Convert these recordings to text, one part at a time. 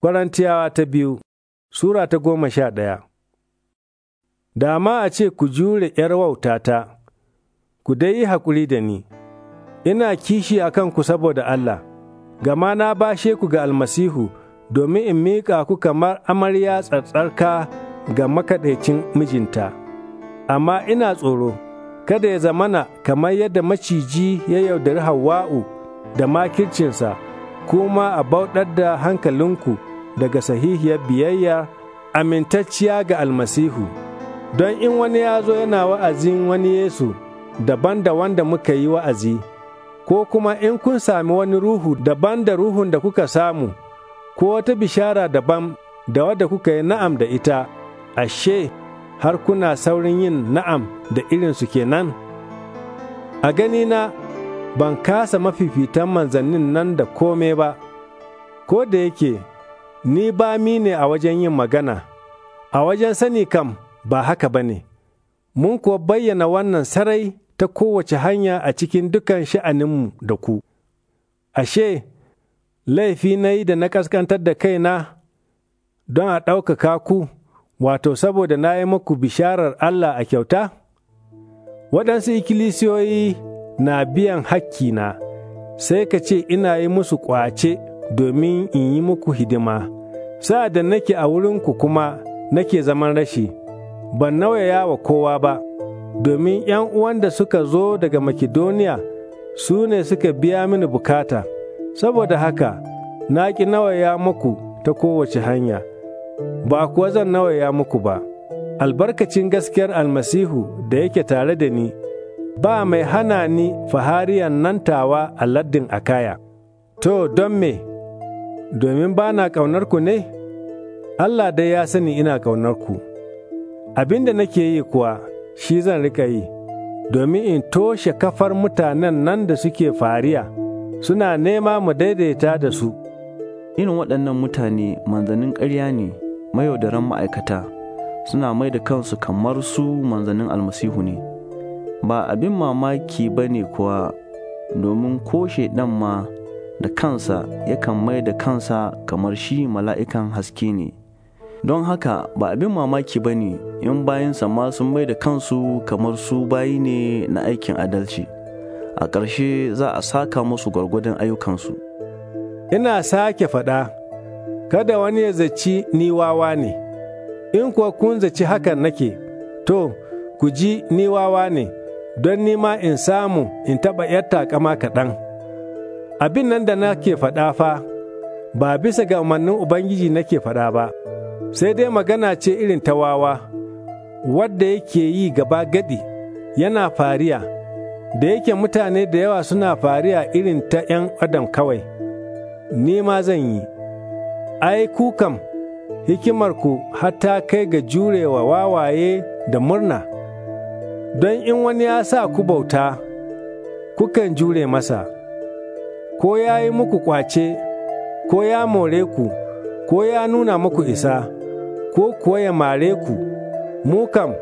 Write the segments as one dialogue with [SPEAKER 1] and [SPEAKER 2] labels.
[SPEAKER 1] Korintiyawa ta biyu Sura ta goma sha ɗaya Dama a ce ku jure ’yar wautata, ku dai yi haƙuri da ni, ina kishi a kanku saboda Allah, gama na bashe ku ga almasihu domin in miƙa ku kamar amarya tsartsarka ga makaɗaicin mijinta. Amma ina tsoro, kada ya zamana kamar yadda maciji ya yaudari hawa’u da makircinsa. kuma a bauɗar da hankalinku daga sahihiyar biyayya amintacciya ga almasihu don in wani ya zo yana wa'azin wani Yesu daban da wanda muka yi wa'azi ko kuma in kun sami wani ruhu daban da ruhun da kuka samu ko wata bishara daban da wadda kuka yi na'am da ita ashe har kuna saurin yin na'am da irinsu kenan a ganina ban kasa mafifitan manzannin nan da kome ba, ko da yake ni ba mi ne a wajen yin magana, a wajen sani kam ba haka ba ne, mun kuwa bayyana wannan sarai ta kowace hanya a cikin dukan sha'aninmu da ku. Ashe, laifi na yi da na ƙasƙantar da kaina don a ɗaukaka ku, wato saboda na yi muku bisharar Allah a kyauta? Waɗansu ikkilisiyoyi na biyan hakkina, sai ka ce ina yi musu ƙwace domin in yi muku hidima, sa'ad da nake a wurinku kuma nake zaman rashi, ban nawaya wa kowa ba, domin ’yan uwan da suka zo daga Makedoniya su ne suka biya mini bukata, saboda haka na ƙi nawaya muku ta kowace hanya, ba kuwa zan nawaya muku ba. Albarkacin gaskiyar almasihu da yake tare da ni. ba mai hana ni fahariyan nantawa tawa a laddin Akaya. To, don me, domin ba na ƙaunarku ne? Allah dai ya sani ina ƙaunarku. Abin da nake yi kuwa, shi zan rika yi, domin in toshe kafar mutanen nan da suke fariya, suna nema mu daidaita da su. Irin waɗannan mutane manzanin ƙarya ne, mayaudaran ma'aikata, suna mai da kansu kamar su manzanin almasihu ne. ba abin mamaki ba ne kuwa domin ko shaidan ma da kansa yakan mai da kansa kamar shi mala'ikan haske ne don haka ba abin mamaki ba ne in bayansa ma sun mai da kansu kamar su bayi ne na aikin adalci a ƙarshe za a saka musu gwargwadon ayyukansu ina sake faɗa kada wani ya zaci ni wawa ne in kuwa kun zaci hakan nake to ku ji ni wawa ne don nima in samu in taɓa ‘yar takama kaɗan. Abin nan da nake faɗa fa, ba bisa ga umarnin Ubangiji nake faɗa ba, sai dai magana ce irin ta wawa, wadda yake yi gaba gadi yana fariya, da yake mutane da yawa suna fariya irin ta ‘yan adam kawai, ni ma zan yi. Ai, kukan, hikimarku har ta kai ga jurewa wawaye da murna. don in wani ya sa ku bauta, kukan jure masa, ko ya yi muku kwace, ko ya more ku, ko ya nuna muku isa, ko kuwa ya mare ku, mu kam,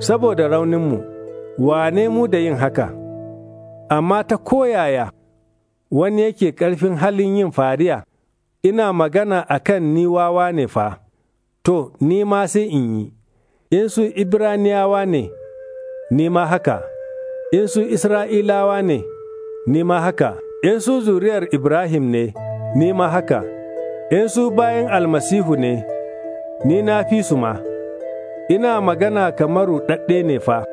[SPEAKER 1] saboda rauninmu, wane mu da yin haka, amma ta koyaya wani yake ƙarfin halin yin fariya, ina magana a kan ni ne fa, to, ni ma sai in yi, in su Ibraniyawa ne. ni ma haka, in su Isra'ilawa ne, ni ma haka, in su zuriyar Ibrahim ne, ni ma haka, in su bayan almasihu ne, ni na fi su ma, ina magana kamar ruɗaɗɗe ne fa,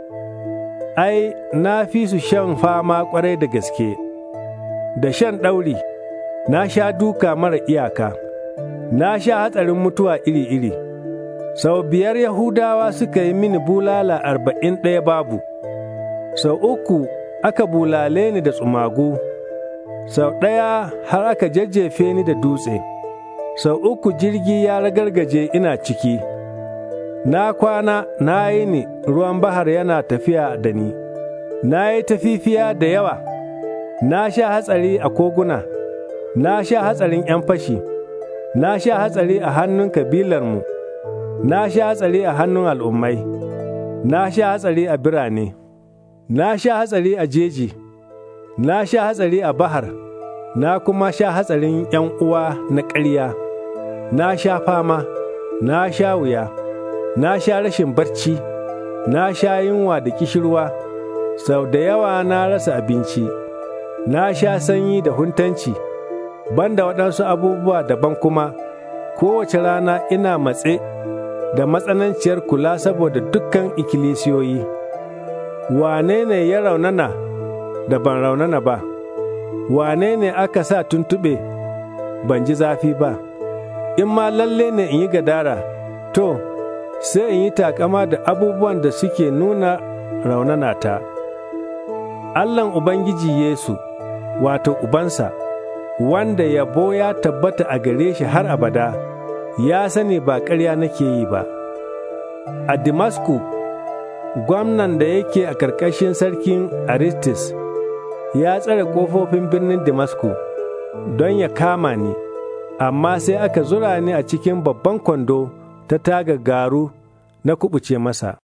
[SPEAKER 1] ai, na fi su shan fama ƙwarai da gaske, da shan ɗauri, na sha duka mara iyaka, na sha hatsarin mutuwa iri-iri. sau biyar Yahudawa suka yi mini bulala arba'in ɗaya babu, sau uku aka bulale ni da tsumagu, sau ɗaya har aka jajjefe ni da dutse, sau uku jirgi ya ragargaje ina ciki. Na kwana na yi ni ruwan bahar yana tafiya da ni, na yi tafifiya da yawa, na sha hatsari a koguna, na sha hatsarin ‘yan fashi, na sha hatsari a hannun kabilarmu. mu. na sha hatsari a hannun al'ummai, na sha hatsari a birane, na sha hatsari a jeji, na sha hatsari a bahar, na kuma sha hatsarin ‘yan uwa na ƙarya, na sha fama, na sha wuya, na sha rashin barci, na sha yunwa da kishirwa, sau da yawa na rasa abinci, na sha sanyi da huntanci, banda waɗansu abubuwa daban kuma, kowace rana ina matse. da matsananciyar kula saboda dukkan ikilisiyoyi. Wane ne ya raunana da ban raunana ba, wane ne aka sa tuntuɓe ban ji zafi ba, in ma lalle ne in yi gadara, to, sai in yi takama da abubuwan da suke nuna raunana ta. Allahn Ubangiji Yesu, wato Ubansa, wanda yabo ya tabbata a gare shi har abada. ya sani ba ƙarya nake yi ba. A Damascus, gwamnan da yake a ƙarƙashin sarkin Aristis ya tsare ƙofofin birnin Damascus don ya kama ni, amma sai aka zura ni a cikin babban kwando ta taga garu na kubuce masa.